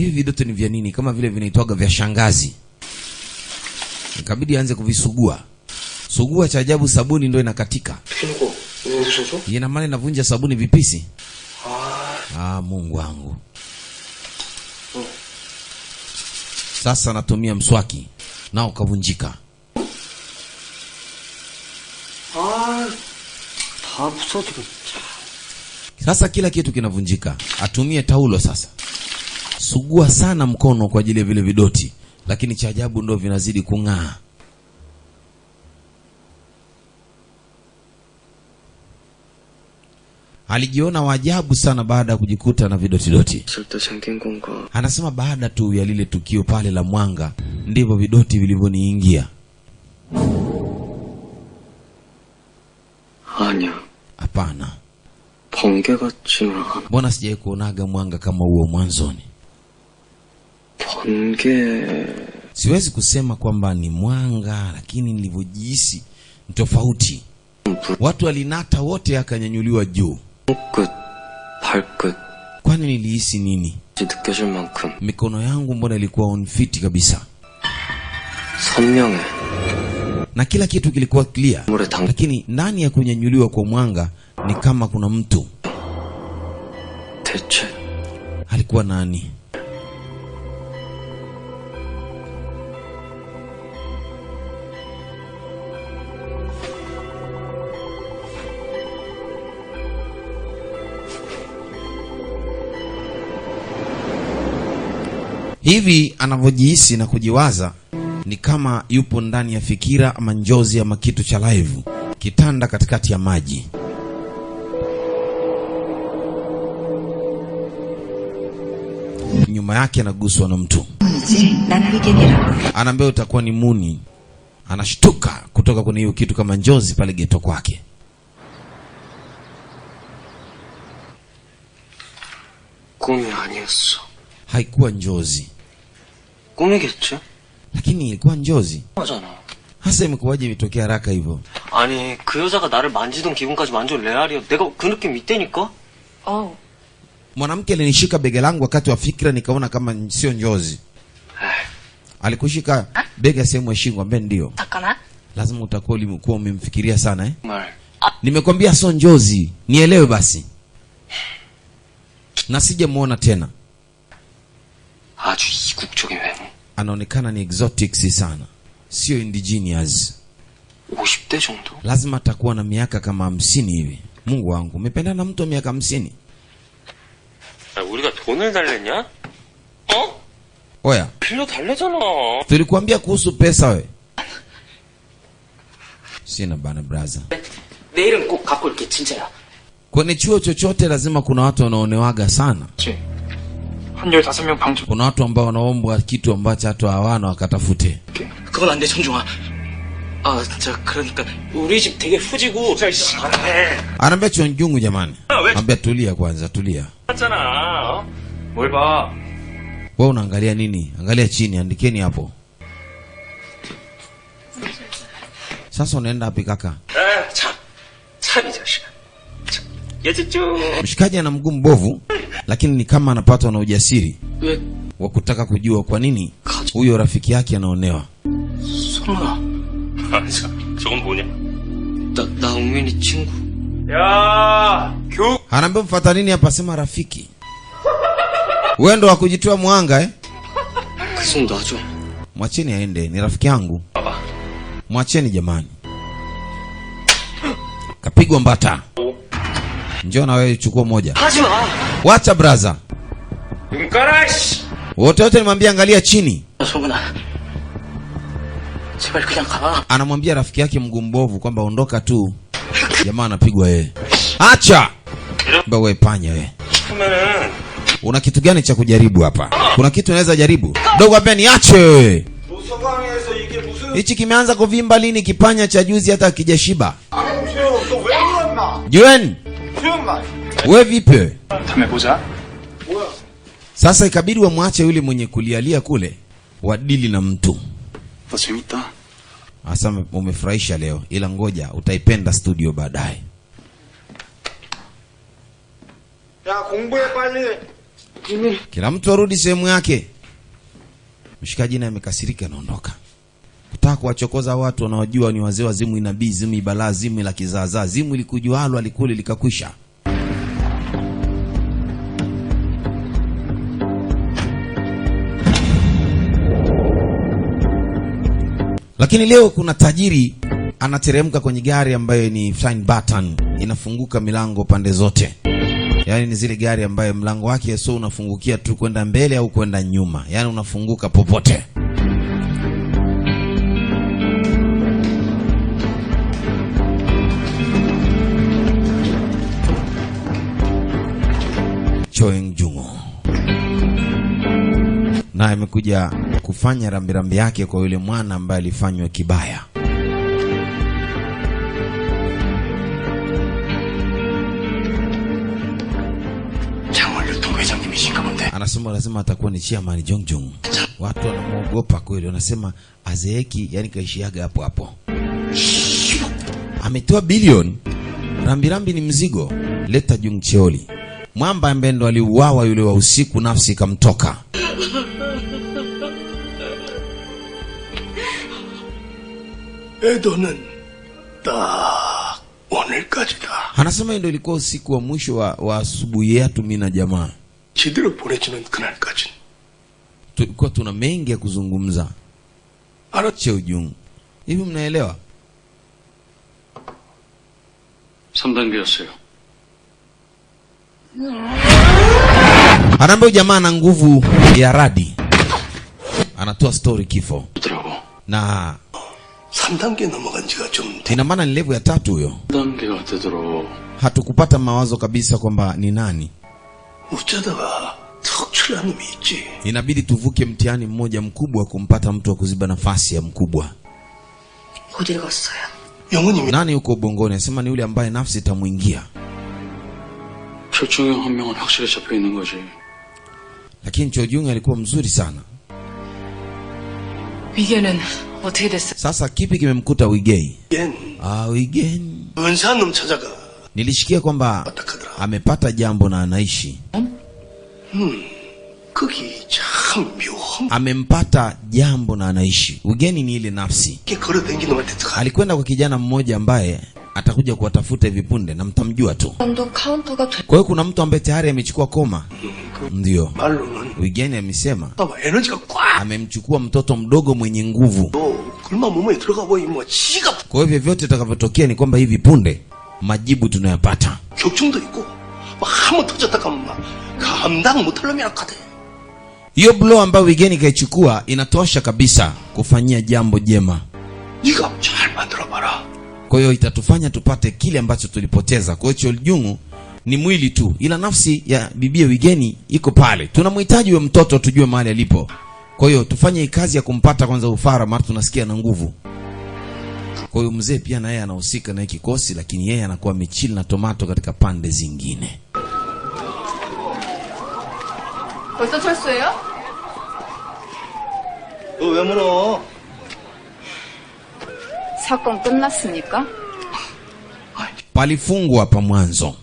hivi vidoto ni vya nini? Kama vile vinaitwaga vya shangazi. Ikabidi aanze kuvisugua. Sugua, cha ajabu sabuni ndio inakatika. Ina maana inavunja sabuni vipisi. Ah, ah Mungu wangu. Oh. Sasa natumia mswaki nao ukavunjika. Ah. Sasa kila kitu kinavunjika. Atumie taulo sasa sugua sana mkono kwa ajili ya vile vidoti, lakini cha ajabu ndo vinazidi kung'aa. Alijiona waajabu sana baada ya kujikuta na vidotidoti. Anasema baada tu ya lile tukio pale la Mwanga, ndivyo vidoti vilivyoniingia. Hapana, mbona sijai kuonaga mwanga kama huo mwanzoni? kunge siwezi kusema kwamba ni mwanga, lakini nilivyojihisi tofauti. Watu walinata wote, akanyanyuliwa juu. Kwani nilihisi nini? Mikono yangu mbona ilikuwa onfiti kabisa, na kila kitu kilikuwa clear, lakini ndani ya kunyanyuliwa kwa mwanga ni kama kuna mtu alikuwa nani? Hivi anavyojihisi na kujiwaza ni kama yupo ndani ya fikira ama njozi ama kitu cha live, kitanda katikati ya maji. Nyuma yake anaguswa na mtu, anaambia utakuwa ni muni. Anashtuka kutoka kwenye hiyo kitu kama njozi pale geto kwake. Kumya haikuwa njozi 꿈이겠죠? lakini ilikuwa njozi. Hasa imekuwaje imetokea haraka hivyo? ani kuyozaka 여자가 manjidon 만지던 manjo 만져도 레알이야. 내가 그 느낌 Oh. Mwanamke alinishika bega langu wakati wa fikra, nikaona kama sio njozi. Eh. Alikushika bega sehemu ya shingo, ambaye ndio 魚 lazima utakuwa ulikuwa umemfikiria sana eh? 정말 Nimekwambia sio njozi, nielewe basi, na sijamuona tena. 아주 이국적인 외모. anaonekana ni exotics sana, sio indigenous. 50대 정도? lazima atakuwa na miaka kama hamsini hivi. Mungu wangu, umependana na mtu miaka 야, 우리가 돈을 달랬냐? 어? Oya, 빌려 달래잖아. tulikuambia kuhusu pesa we. Sina bana braza. 내일은 꼭 갖고 올게 진짜야. Kwenye chuo chochote lazima kuna watu wanaonewaga sana. Kuna watu ambao wanaombwa kitu ambacho hata hawana wakatafute. 그건 안 돼, 천중아. 아, 진짜 그러니까 우리 집 되게 후지고 진짜 Anaambia Chonjungu jamani. Anambia tulia kwanza, tulia. 맞잖아. 어? 뭘 Wewe unaangalia nini? Angalia chini, andikeni hapo. Sasa unaenda api kaka? 에, 참. 참이 자식아. 참. 얘 Mshikaji ana mguu mbovu lakini ni kama anapatwa na ujasiri wa kutaka kujua kwa nini huyo rafiki yake anaonewa. Anaambia mfata nini hapa, sema rafiki wewe ndo wakujitoa mwanga eh? Mwacheni aende, ni rafiki yangu, mwacheni jamani, kapigwa mbata. Njoo na wewe chukua moja. Wacha brother. Mkarash. Wote wote nimwambia angalia chini. Anamwambia rafiki yake mguu mbovu kwamba ondoka tu. Jamaa anapigwa yeye. Acha. Ba Wewe panya wewe. Una kitu gani cha kujaribu hapa? Kuna kitu unaweza jaribu? Dogo ambaye niache wewe. Hichi kimeanza kuvimba lini? Kipanya cha juzi hata kijashiba. Jueni. We vipi? Sasa ikabidi wamwache yule mwenye kulialia kule wadili na mtu. Asa umefurahisha leo, ila ngoja utaipenda studio baadaye. Kila mtu arudi sehemu yake. Mshikaji naye amekasirika, anaondoka taka kuwachokoza watu wanaojua ni wazee wa zimu inabii, zimu ibalaa, zimu la kizaazaa, zimu likujualo alikuli likakwisha. Lakini leo kuna tajiri anateremka kwenye gari ambayo ni Flying Button, inafunguka milango pande zote, yaani ni zile gari ambayo mlango wake sio unafungukia tu kwenda mbele au kwenda nyuma, yaani unafunguka popote. Choeng Jungo, na amekuja kufanya rambirambi yake kwa yule mwana ambaye alifanywa kibaya. Anasema lazima atakuwa ni Jong Jongjung. Watu wanamwogopa kweli, wanasema azeeki, yani kaishiaga hapo hapo. Ametoa bilioni rambirambi, ni mzigo. Leta Jung Cheoli. Mwamba ambaye ndo aliuawa yule wa usiku, nafsi ikamtoka. Eh, Anasema ndo ilikuwa usiku wa mwisho wa asubuhi yetu, mimi na jamaa tulikuwa tuna mengi ya kuzungumza che ujungu hivi, mnaelewa? Anaambia jamaa na nguvu ya radi, anatoa story kifo na ina maana ni level ya tatu huyo. Hatukupata mawazo kabisa kwamba ni nani. Inabidi tuvuke mtihani mmoja mkubwa kumpata mtu wa kuziba nafasi ya mkubwa. Nani huko bongoni? Anasema ni yule ambaye nafsi itamwingia 조충영 한 명은 확실히 잡혀 있는 거지. lakini Chojiung alikuwa mzuri sana. 위계는 어떻게 됐어? Sasa kipi kimemkuta Wigei? Ah, Wigeni 은세한 놈 찾아가. nilishikia kwamba amepata jambo na anaishi, hmm? Hmm. Kuki 참 묘한. amempata jambo na anaishi. Ugeni ni ile nafsi. Alikwenda kwa kijana mmoja ambaye atakuja kuwatafuta hivi punde na mtamjua tu. Kwa hiyo kuna mtu ambaye tayari amechukua koma, ndio wigeni amesema amemchukua mtoto mdogo mwenye nguvu. Kwa hiyo vyovyote itakavyotokea ni kwamba hivi punde majibu tunayapata. Hiyo blo ambayo wigeni ikaichukua inatosha kabisa kufanyia jambo jema. Kwa hiyo itatufanya tupate kile ambacho tulipoteza. Kwa hiyo chojungu ni mwili tu, ila nafsi ya bibie Wigeni iko pale. Tunamhitaji huyo mtoto, tujue mahali alipo. Kwa hiyo tufanye kazi ya kumpata kwanza Ufara, mara tunasikia na nguvu. Kwa hiyo mzee pia na yeye anahusika na hiki kikosi, lakini yeye anakuwa michili na tomato katika pande zingine. 벌써 철수예요? 너왜 사건 끝났으니까. palifungwa hapa mwanzo.